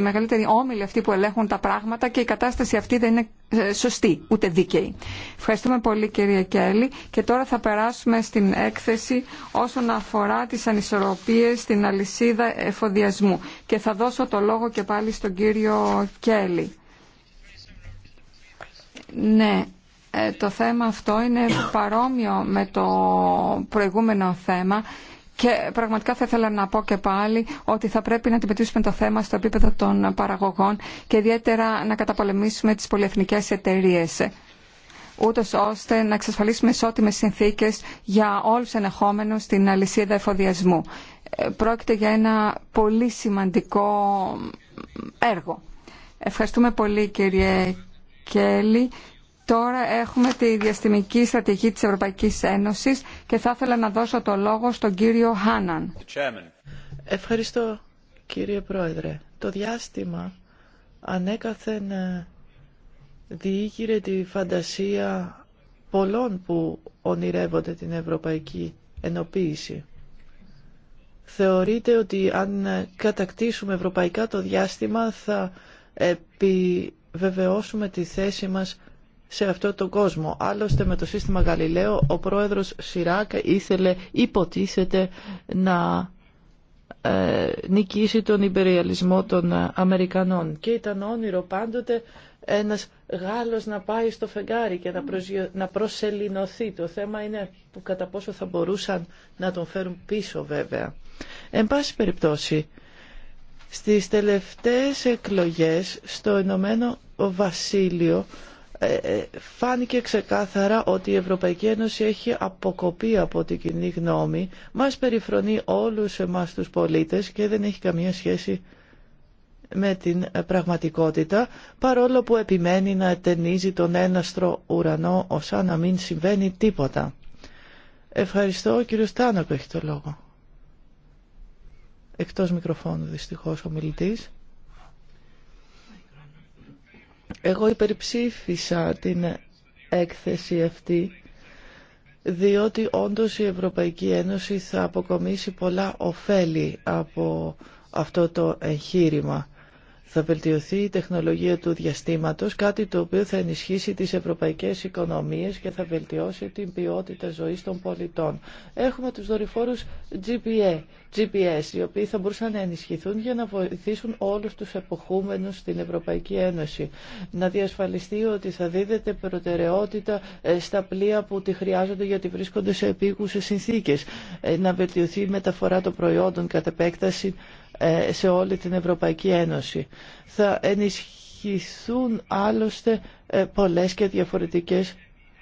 μεγαλύτεροι όμιλοι αυτοί που ελέγχουν τα πράγματα και η κατάσταση αυτή δεν είναι ε, σωστή, ούτε δίκαιη. Ευχαριστούμε πολύ κύριε Κέλλη και τώρα θα περάσουμε στην έκθεση όσον αφορά τις ανισορροπίες στην αλυσίδα εφοδιασμού και θα δώσω το λόγο και πάλι στον κύριο Κέλλη. Ναι, ε, το θέμα αυτό είναι παρόμοιο με το προηγούμενο θέμα και πραγματικά θα ήθελα να πω και πάλι ότι θα πρέπει να αντιμετωπίσουμε το θέμα στο επίπεδο των παραγωγών και ιδιαίτερα να καταπολεμήσουμε τις πολυεθνικές εταιρείες ούτως ώστε να εξασφαλίσουμε ισότιμες συνθήκες για όλους τους ενεχόμενους στην αλυσίδα εφοδιασμού. Ε, πρόκειται για ένα πολύ σημαντικό έργο. Ευχαριστούμε πολύ κύριε Κέλλη. Τώρα έχουμε τη διαστημική στρατηγική της Ευρωπαϊκής Ένωσης και θα ήθελα να δώσω το λόγο στον κύριο Χάναν. Ευχαριστώ κύριε Πρόεδρε. Το διάστημα ανέκαθεν ε, διήγηρε τη φαντασία πολλών που ονειρεύονται την ευρωπαϊκή ενοποίηση. Θεωρείται ότι αν κατακτήσουμε ευρωπαϊκά το διάστημα θα επιβεβαιώσουμε τη θέση μας σε αυτό τον κόσμο. Άλλωστε με το σύστημα Γαλιλαίο ο πρόεδρος Σιράκ ήθελε υποτίθεται να ε, νικήσει τον υπεριαλισμό των ε, Αμερικανών και ήταν όνειρο πάντοτε ένας Γάλλος να πάει στο φεγγάρι και να, προσελινωθεί Το θέμα είναι που κατά πόσο θα μπορούσαν να τον φέρουν πίσω βέβαια. Εν πάση περιπτώσει, στις τελευταίες εκλογές στο Ηνωμένο Βασίλειο ε, ε, φάνηκε ξεκάθαρα ότι η Ευρωπαϊκή Ένωση έχει αποκοπεί από την κοινή γνώμη, μας περιφρονεί όλους εμάς τους πολίτες και δεν έχει καμία σχέση με την πραγματικότητα, παρόλο που επιμένει να ετενίζει τον έναστρο ουρανό ως να μην συμβαίνει τίποτα. Ευχαριστώ, ο κύριος που έχει το λόγο. Εκτός μικροφώνου δυστυχώς ο μιλητής. Εγώ υπερψήφισα την έκθεση αυτή διότι όντως η Ευρωπαϊκή Ένωση θα αποκομίσει πολλά ωφέλη από αυτό το εγχείρημα. Θα βελτιωθεί η τεχνολογία του διαστήματος, κάτι το οποίο θα ενισχύσει τις ευρωπαϊκές οικονομίες και θα βελτιώσει την ποιότητα ζωής των πολιτών. Έχουμε τους δορυφόρους GPS, οι οποίοι θα μπορούσαν να ενισχυθούν για να βοηθήσουν όλους τους εποχούμενους στην Ευρωπαϊκή Ένωση. Να διασφαλιστεί ότι θα δίδεται προτεραιότητα ε, στα πλοία που τη χρειάζονται γιατί βρίσκονται σε επίγουσες συνθήκες. Ε, να βελτιωθεί η μεταφορά των προϊόντων κατά επέκταση ε, σε όλη την Ευρωπαϊκή Ένωση. Θα ενισχυθούν άλλωστε ε, πολλές και διαφορετικές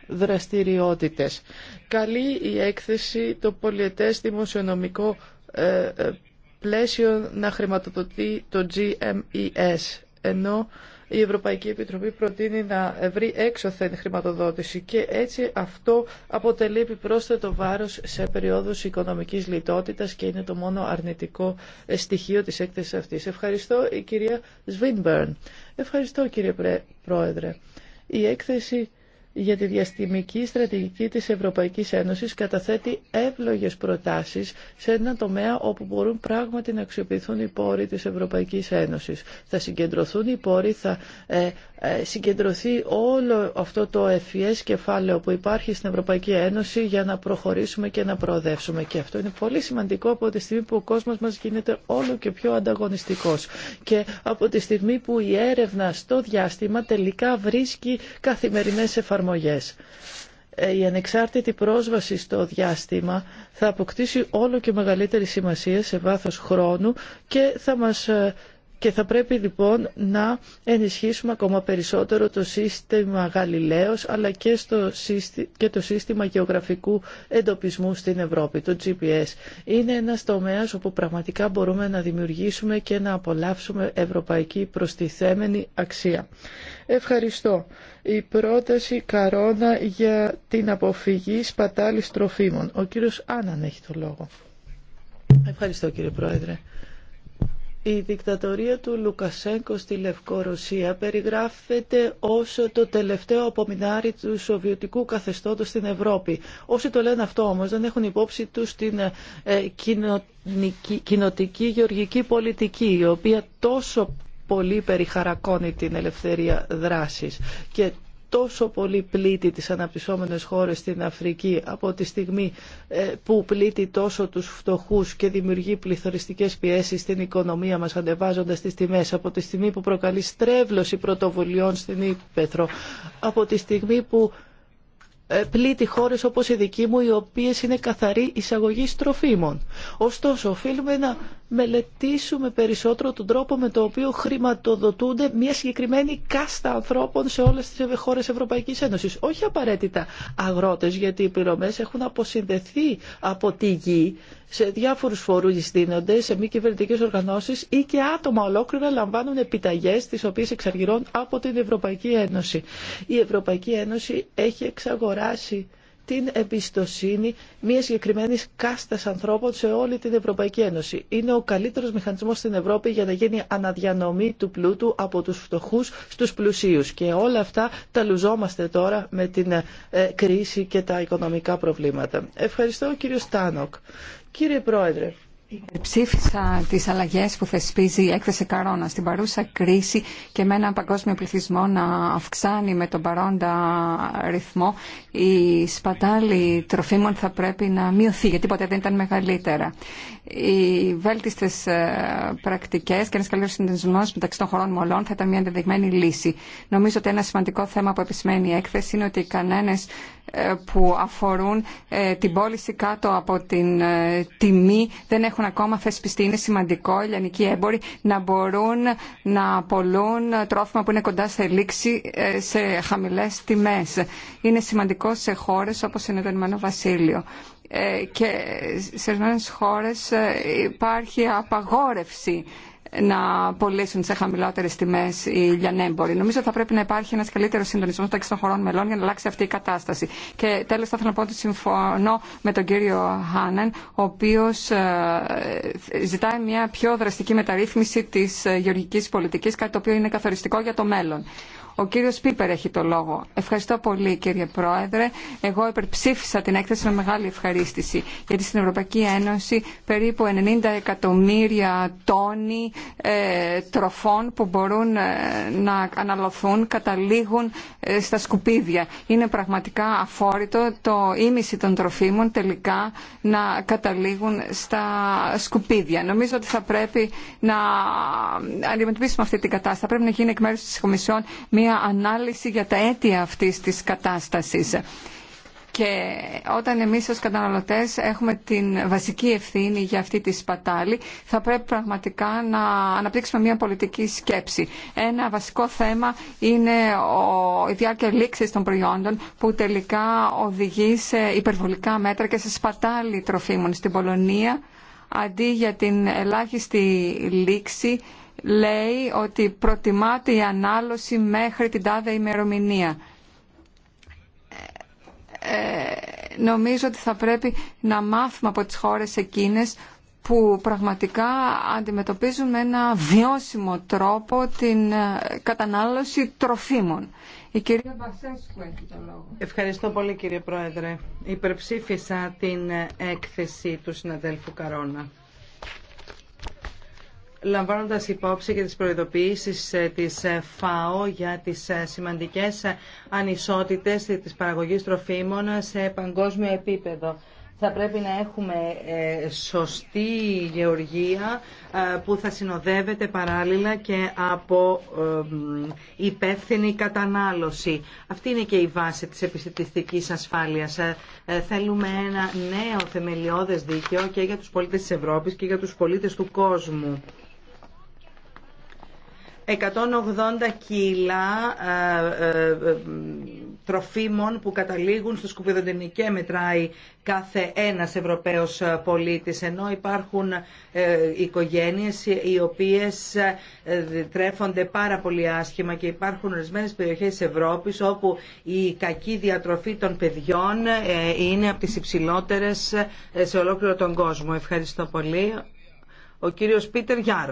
δραστηριότητες. Καλή η έκθεση το πολιετές δημοσιονομικό ε, πλαίσιο να χρηματοδοτεί το GMES, ενώ η Ευρωπαϊκή Επιτροπή προτείνει να βρει έξωθεν χρηματοδότηση και έτσι αυτό αποτελεί επιπρόσθετο βάρος σε περίοδους οικονομικής λιτότητας και είναι το μόνο αρνητικό στοιχείο της έκθεσης αυτής. Ευχαριστώ η κυρία Σβίνμπερν. Ευχαριστώ κύριε Πρόεδρε. Η έκθεση για τη διαστημική στρατηγική της Ευρωπαϊκής Ένωσης καταθέτει εύλογες προτάσεις σε ένα τομέα όπου μπορούν πράγματι να αξιοποιηθούν οι πόροι της Ευρωπαϊκής Ένωσης. Θα συγκεντρωθούν οι πόροι, θα ε, ε, συγκεντρωθεί όλο αυτό το ευφυές κεφάλαιο που υπάρχει στην Ευρωπαϊκή Ένωση για να προχωρήσουμε και να προοδεύσουμε. Και αυτό είναι πολύ σημαντικό από τη στιγμή που ο κόσμος μας γίνεται όλο και πιο ανταγωνιστικός. Και από τη στιγμή που η έρευνα στο διάστημα τελικά βρίσκει καθημερινές εφαρμογές εφαρμογές. Ε, η ανεξάρτητη πρόσβαση στο διάστημα θα αποκτήσει όλο και μεγαλύτερη σημασία σε βάθος χρόνου και θα μας ε, και θα πρέπει λοιπόν να ενισχύσουμε ακόμα περισσότερο το σύστημα Γαλιλαίος αλλά και, στο το σύστημα γεωγραφικού εντοπισμού στην Ευρώπη, το GPS. Είναι ένας τομέας όπου πραγματικά μπορούμε να δημιουργήσουμε και να απολαύσουμε ευρωπαϊκή προστιθέμενη αξία. Ευχαριστώ. Η πρόταση Καρόνα για την αποφυγή σπατάλης τροφίμων. Ο κύριος Άνναν έχει το λόγο. Ευχαριστώ κύριε Πρόεδρε. Η δικτατορία του Λουκασέγκο στη Λευκορωσία περιγράφεται ως το τελευταίο απομεινάρι του σοβιωτικού καθεστώτος στην Ευρώπη. Όσοι το λένε αυτό όμως δεν έχουν υπόψη τους την ε, κοινοτική γεωργική πολιτική η οποία τόσο πολύ περιχαρακώνει την ελευθερία δράσης και τόσο πολύ πλήττει τις αναπτυσσόμενες χώρες στην Αφρική από τη στιγμή ε, που πλήττει τόσο τους φτωχούς και δημιουργεί πληθωριστικές πιέσεις στην οικονομία μας αντεβάζοντας τις τιμές, από τη στιγμή που προκαλεί στρέβλωση πρωτοβουλειών στην Ήπεθρο, από τη στιγμή που ε, πλήττει χώρες όπως η δική μου οι οποίες είναι καθαροί εισαγωγή τροφίμων. Ωστόσο, οφείλουμε να μελετήσουμε περισσότερο τον τρόπο με τον οποίο χρηματοδοτούνται μια συγκεκριμένη κάστα ανθρώπων σε όλες τις χώρες Ευρωπαϊκής Ένωσης. Όχι απαραίτητα αγρότες, γιατί οι πληρωμές έχουν αποσυνδεθεί από τη γη σε διάφορους φορούς δίνονται, σε μη κυβερνητικέ οργανώσεις ή και άτομα ολόκληρα λαμβάνουν επιταγές τις οποίες εξαργυρώνουν από την Ευρωπαϊκή Ένωση. Η Ευρωπαϊκή Ένωση έχει εξαγοράσει την εμπιστοσύνη μια συγκεκριμένη κάστα ανθρώπων σε όλη την Ευρωπαϊκή Ένωση. Είναι ο καλύτερο μηχανισμό στην Ευρώπη για να γίνει αναδιανομή του πλούτου από του φτωχού στου πλουσίου. Και όλα αυτά τα λουζόμαστε τώρα με την ε, κρίση και τα οικονομικά προβλήματα. Ευχαριστώ κύριο Στάνοκ. Κύριε Πρόεδρε, Υπερψήφισα τι αλλαγέ που θεσπίζει η έκθεση Καρόνα στην παρούσα κρίση και με έναν παγκόσμιο πληθυσμό να αυξάνει με τον παρόντα ρυθμό. Η σπατάλη τροφίμων θα πρέπει να μειωθεί γιατί ποτέ δεν ήταν μεγαλύτερα. Οι βέλτιστε πρακτικέ και ένα καλύτερο συνδυασμό μεταξύ των χωρών μολών θα ήταν μια ενδεδειγμένη λύση. Νομίζω ότι ένα σημαντικό θέμα που επισημαίνει η έκθεση είναι ότι κανένα ε, που αφορούν ε, την πώληση κάτω από την ε, τιμή δεν έχουν ακόμα θεσπιστεί. Είναι σημαντικό οι ελληνικοί έμποροι να μπορούν να πολλούν τρόφιμα που είναι κοντά σε λήξη σε χαμηλές τιμές. Είναι σημαντικό σε χώρες όπως είναι το Ηνωμένο Βασίλειο και σε ορισμένε χώρες υπάρχει απαγόρευση να πωλήσουν σε χαμηλότερε τιμέ οι λιανέμποροι. Νομίζω θα πρέπει να υπάρχει ένα καλύτερο συντονισμό μεταξύ των χωρών μελών για να αλλάξει αυτή η κατάσταση. Και τέλο, θα ήθελα να πω ότι συμφωνώ με τον κύριο Χάνεν, ο οποίο ε, ζητάει μια πιο δραστική μεταρρύθμιση τη γεωργική πολιτική, κάτι το οποίο είναι καθοριστικό για το μέλλον. Ο κύριος Πίπερ έχει το λόγο. Ευχαριστώ πολύ κύριε Πρόεδρε. Εγώ υπερψήφισα την έκθεση με μεγάλη ευχαρίστηση γιατί στην Ευρωπαϊκή Ένωση περίπου 90 εκατομμύρια τόνοι ε, τροφών που μπορούν ε, να αναλωθούν καταλήγουν ε, στα σκουπίδια. Είναι πραγματικά αφόρητο το ίμιση των τροφίμων τελικά να καταλήγουν στα σκουπίδια. Νομίζω ότι θα πρέπει να αντιμετωπίσουμε αυτή την κατάσταση. πρέπει να γίνει εκ της Κομισιόν μια ανάλυση για τα αίτια αυτής της κατάστασης. Και όταν εμείς ως καταναλωτές έχουμε την βασική ευθύνη για αυτή τη σπατάλη, θα πρέπει πραγματικά να αναπτύξουμε μια πολιτική σκέψη. Ένα βασικό θέμα είναι η διάρκεια λήξης των προϊόντων που τελικά οδηγεί σε υπερβολικά μέτρα και σε σπατάλη τροφίμων στην Πολωνία αντί για την ελάχιστη λήξη λέει ότι προτιμάται η ανάλωση μέχρι την τάδε ημερομηνία. Ε, ε, νομίζω ότι θα πρέπει να μάθουμε από τις χώρες εκείνες που πραγματικά αντιμετωπίζουν με ένα βιώσιμο τρόπο την ε, κατανάλωση τροφίμων. Η κυρία το Ευχαριστώ πολύ κύριε Πρόεδρε. Υπερψήφισα την έκθεση του συναδέλφου Καρόνα λαμβάνοντας υπόψη και τις προειδοποιήσεις ε, της ε, ΦΑΟ για τις ε, σημαντικές ανισότητες της παραγωγής τροφίμων σε παγκόσμιο επίπεδο. Θα πρέπει να έχουμε σωστή γεωργία που θα συνοδεύεται παράλληλα και από υπεύθυνη κατανάλωση. Αυτή είναι και η βάση της επιστημιστικής ασφάλειας. Θέλουμε ένα νέο θεμελιώδες δίκαιο και για τους πολίτες της Ευρώπης και για τους πολίτες του κόσμου. 180 κιλά ε, ε, ε, τροφίμων που καταλήγουν στο σκουπιδοντινή μετράει κάθε ένας Ευρωπαίος πολίτης ενώ υπάρχουν οικογένειες οι οποίες τρέφονται πάρα πολύ άσχημα και υπάρχουν ορισμένες περιοχές της Ευρώπης όπου η κακή διατροφή των παιδιών είναι από τις υψηλότερες σε ολόκληρο τον κόσμο. Ευχαριστώ πολύ. Ο κύριος Πίτερ Γιάρ.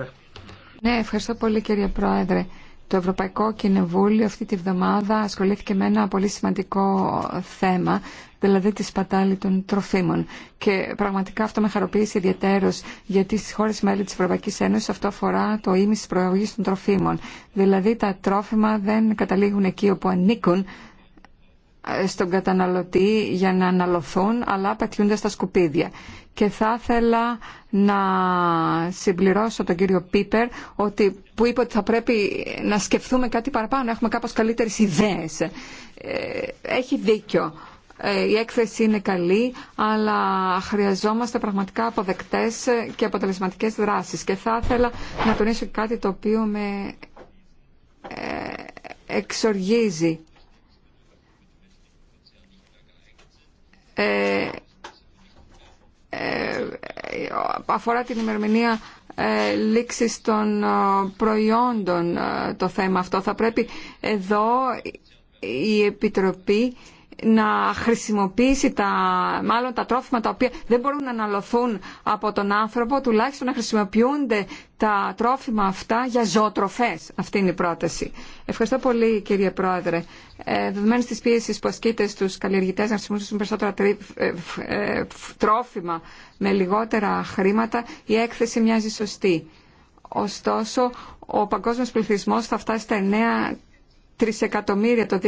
Ναι, ευχαριστώ πολύ κύριε Πρόεδρε. Το Ευρωπαϊκό Κοινοβούλιο αυτή τη βδομάδα ασχολήθηκε με ένα πολύ σημαντικό θέμα, δηλαδή τη σπατάλη των τροφίμων. Και πραγματικά αυτό με χαροποίησε ιδιαίτερω, γιατί στι χώρε μέλη τη Ευρωπαϊκή Ένωση αυτό αφορά το ίμιση τη των τροφίμων. Δηλαδή τα τρόφιμα δεν καταλήγουν εκεί όπου ανήκουν ε, στον καταναλωτή για να αναλωθούν, αλλά πετιούνται στα σκουπίδια και θα ήθελα να συμπληρώσω τον κύριο Πίπερ ότι, που είπε ότι θα πρέπει να σκεφτούμε κάτι παραπάνω, έχουμε κάπως καλύτερες ιδέες. Ε, έχει δίκιο. Ε, η έκθεση είναι καλή, αλλά χρειαζόμαστε πραγματικά αποδεκτές και αποτελεσματικές δράσεις. Και θα ήθελα να τονίσω κάτι το οποίο με ε, εξοργίζει αφορά την ημερομηνία ε, λήξης των ε, προϊόντων ε, το θέμα αυτό. Θα πρέπει εδώ η Επιτροπή να χρησιμοποιήσει τα, μάλλον τα τρόφιμα τα οποία δεν μπορούν να αναλωθούν από τον άνθρωπο, τουλάχιστον να χρησιμοποιούνται τα τρόφιμα αυτά για ζωοτροφές. Αυτή είναι η πρόταση. Ευχαριστώ πολύ κύριε Πρόεδρε. Ε, της πίεσης που ασκείται στους καλλιεργητές να χρησιμοποιήσουν περισσότερα ε, ε, τρόφιμα με λιγότερα χρήματα, η έκθεση μοιάζει σωστή. Ωστόσο, ο παγκόσμιος πληθυσμός θα φτάσει στα 9 τρισεκατομμύρια το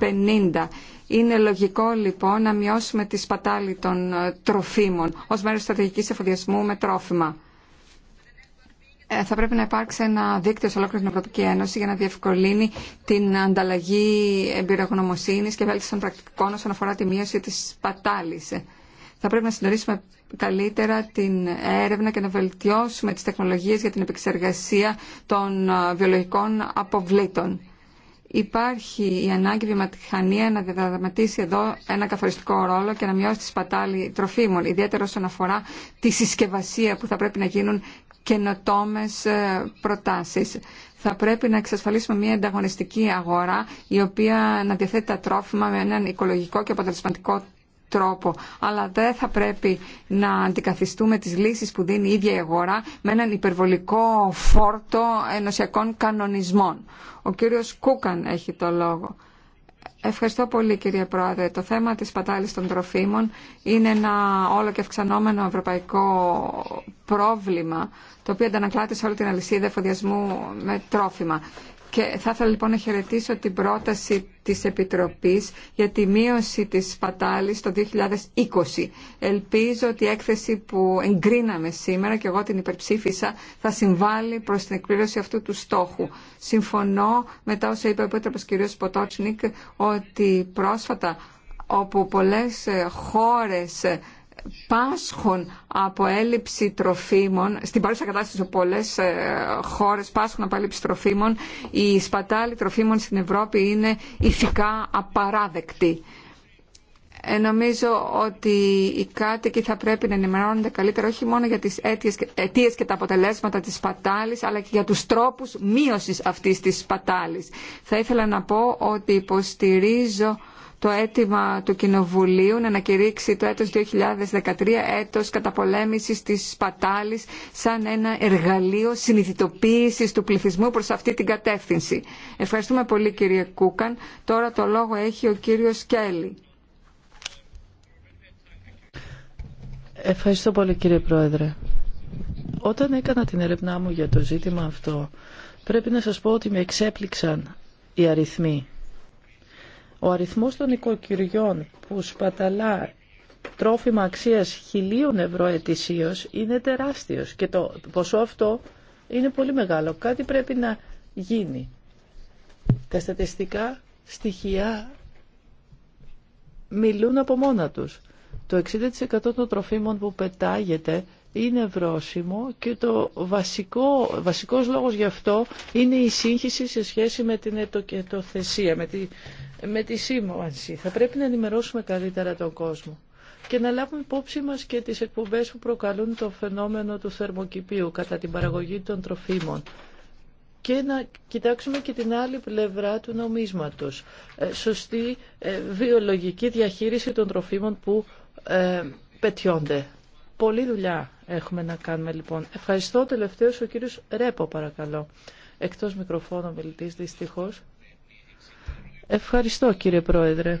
2050. Είναι λογικό λοιπόν να μειώσουμε τη σπατάλη των ε, τροφίμων ως μέρος στρατηγικής εφοδιασμού με τρόφιμα. Ε, θα πρέπει να υπάρξει ένα δίκτυο σε ολόκληρη την Ευρωπαϊκή Ένωση για να διευκολύνει την ανταλλαγή εμπειρογνωμοσύνη και βέλτιση των πρακτικών όσον αφορά τη μείωση τη πατάλη. Θα πρέπει να συντονίσουμε καλύτερα την έρευνα και να βελτιώσουμε τι τεχνολογίε για την επεξεργασία των ε, βιολογικών αποβλήτων υπάρχει η ανάγκη βιομηχανία να διαδραματίσει εδώ ένα καθοριστικό ρόλο και να μειώσει τη σπατάλη τροφίμων, ιδιαίτερα όσον αφορά τη συσκευασία που θα πρέπει να γίνουν καινοτόμε ε, προτάσεις. Θα πρέπει να εξασφαλίσουμε μια ανταγωνιστική αγορά η οποία να διαθέτει τα τρόφιμα με έναν οικολογικό και αποτελεσματικό τρόπο. Αλλά δεν θα πρέπει να αντικαθιστούμε τις λύσεις που δίνει η ίδια η αγορά με έναν υπερβολικό φόρτο ενωσιακών κανονισμών. Ο κύριος Κούκαν έχει το λόγο. Ευχαριστώ πολύ κύριε Πρόεδρε. Το θέμα της πατάλης των τροφίμων είναι ένα όλο και αυξανόμενο ευρωπαϊκό πρόβλημα το οποίο αντανακλάται σε όλη την αλυσίδα εφοδιασμού με τρόφιμα. Και θα ήθελα λοιπόν να χαιρετήσω την πρόταση της Επιτροπής για τη μείωση της σπατάλης το 2020. Ελπίζω ότι η έκθεση που εγκρίναμε σήμερα και εγώ την υπερψήφισα θα συμβάλλει προς την εκπλήρωση αυτού του στόχου. Συμφωνώ με τα όσα είπε ο Επίτροπος κ. Ποτότσνικ ότι πρόσφατα όπου πολλές χώρες πάσχουν από έλλειψη τροφίμων, στην παρούσα κατάσταση σε πολλές ε, χώρες πάσχουν από έλλειψη τροφίμων, η σπατάλη τροφίμων στην Ευρώπη είναι ηθικά απαράδεκτη. Ε, νομίζω ότι οι κάτοικοι θα πρέπει να ενημερώνονται καλύτερα όχι μόνο για τις αίτιες, και τα αποτελέσματα της σπατάλης αλλά και για τους τρόπους μείωσης αυτής της σπατάλης. Θα ήθελα να πω ότι υποστηρίζω το αίτημα του Κοινοβουλίου να ανακηρύξει το έτος 2013 έτος καταπολέμησης της σπατάλης σαν ένα εργαλείο συνειδητοποίησης του πληθυσμού προς αυτή την κατεύθυνση. Ευχαριστούμε πολύ κύριε Κούκαν. Τώρα το λόγο έχει ο κύριος Κέλλη. Ευχαριστώ πολύ κύριε Πρόεδρε. Όταν έκανα την έρευνά μου για το ζήτημα αυτό, πρέπει να σας πω ότι με εξέπληξαν οι αριθμοί ο αριθμός των οικοκυριών που σπαταλά τρόφιμα αξίας χιλίων ευρώ ετησίως είναι τεράστιος και το ποσό αυτό είναι πολύ μεγάλο. Κάτι πρέπει να γίνει. Τα στατιστικά στοιχεία μιλούν από μόνα τους. Το 60% των τροφίμων που πετάγεται είναι βρόσιμο και το βασικό, βασικός λόγος γι' αυτό είναι η σύγχυση σε σχέση με την ετοκετοθεσία, με τη, με τη Θα πρέπει να ενημερώσουμε καλύτερα τον κόσμο και να λάβουμε υπόψη μας και τις εκπομπές που προκαλούν το φαινόμενο του θερμοκηπίου κατά την παραγωγή των τροφίμων και να κοιτάξουμε και την άλλη πλευρά του νομίσματος. Ε, σωστή ε, βιολογική διαχείριση των τροφίμων που ε, πετιόνται. Πολλή δουλειά έχουμε να κάνουμε λοιπόν. Ευχαριστώ τελευταίος ο κύριος Ρέπο παρακαλώ. Εκτός μικροφώνου μιλητής δυστυχώς. Ευχαριστώ κύριε Πρόεδρε.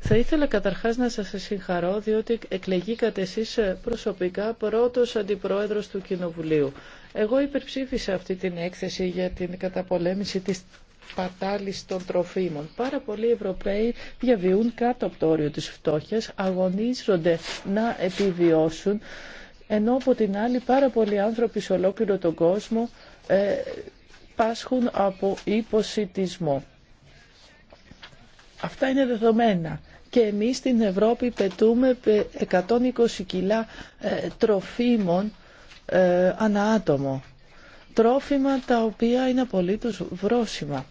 Θα ήθελα καταρχάς να σας συγχαρώ διότι εκλεγήκατε εσείς ε, προσωπικά πρώτος αντιπρόεδρος του Κοινοβουλίου. Εγώ υπερψήφισα αυτή την έκθεση για την καταπολέμηση της πατάλης των τροφίμων. Πάρα πολλοί Ευρωπαίοι διαβιούν κάτω από το όριο της φτώχειας, αγωνίζονται να επιβιώσουν, ενώ από την άλλη πάρα πολλοί άνθρωποι σε ολόκληρο τον κόσμο ε, πάσχουν από υποσυτισμό. Αυτά είναι δεδομένα. Και εμείς στην Ευρώπη πετούμε 120 κιλά ε, τροφίμων ε, ανά άτομο. Τρόφιμα τα οποία είναι απολύτως βρόσιμα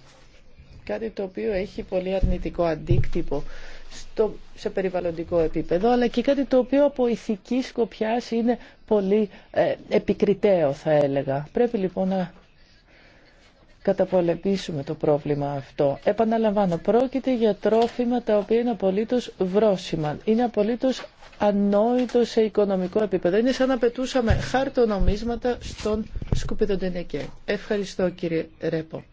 κάτι το οποίο έχει πολύ αρνητικό αντίκτυπο στο, σε περιβαλλοντικό επίπεδο, αλλά και κάτι το οποίο από ηθική σκοπιά είναι πολύ ε, επικριτέο, θα έλεγα. Πρέπει λοιπόν να καταπολεμήσουμε το πρόβλημα αυτό. Επαναλαμβάνω, πρόκειται για τρόφιμα τα οποία είναι απολύτως βρόσιμα. Είναι απολύτως ανόητο σε οικονομικό επίπεδο. Είναι σαν να πετούσαμε χάρτονομίσματα στον σκουπιδοντενεκέ. Ευχαριστώ κύριε Ρέπο.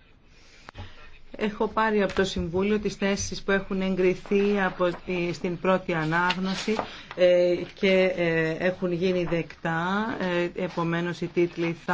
Έχω πάρει από το Συμβούλιο τις θέσεις που έχουν εγκριθεί από τη, στην πρώτη ανάγνωση ε, και ε, έχουν γίνει δεκτά, ε, επομένως οι τίτλοι θα